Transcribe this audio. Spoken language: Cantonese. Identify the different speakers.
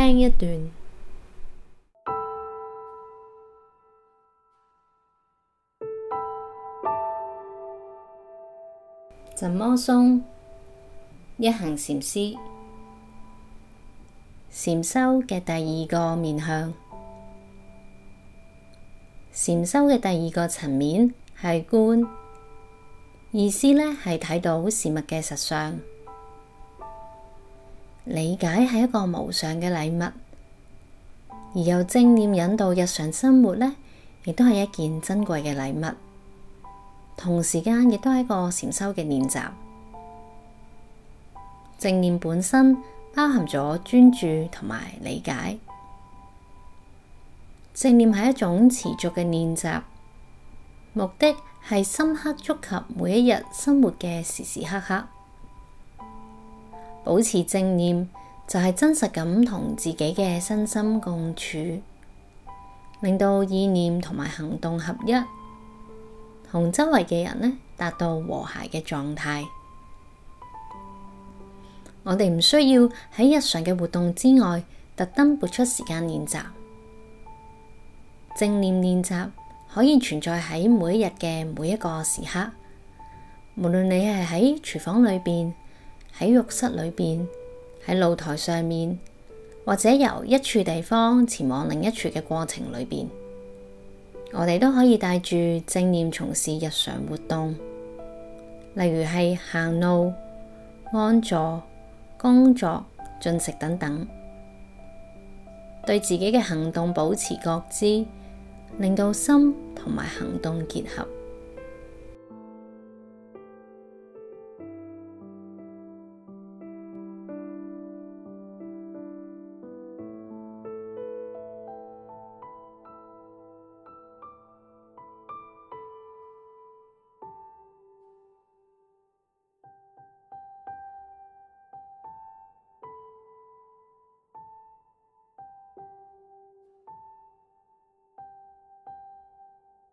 Speaker 1: 聽一段，怎麼鬆？一行禪師禪修嘅第二個面向，禪修嘅第二個層面係觀，意思咧係睇到事物嘅實相。理解係一個無上嘅禮物，而由正念引導日常生活呢，亦都係一件珍貴嘅禮物。同時間亦都係一個禪修嘅練習。正念本身包含咗專注同埋理解。正念係一種持續嘅練習，目的係深刻觸及每一日生活嘅時時刻刻。保持正念就係、是、真實噉同自己嘅身心共處，令到意念同埋行動合一，同周圍嘅人呢達到和諧嘅狀態。我哋唔需要喺日常嘅活動之外，特登撥出時間練習。正念練習可以存在喺每一日嘅每一個時刻，無論你係喺廚房裏邊。喺浴室裏邊，喺露台上面，或者由一處地方前往另一處嘅過程裏邊，我哋都可以帶住正念從事日常活動，例如係行路、安坐、工作、進食等等，對自己嘅行動保持覺知，令到心同埋行動結合。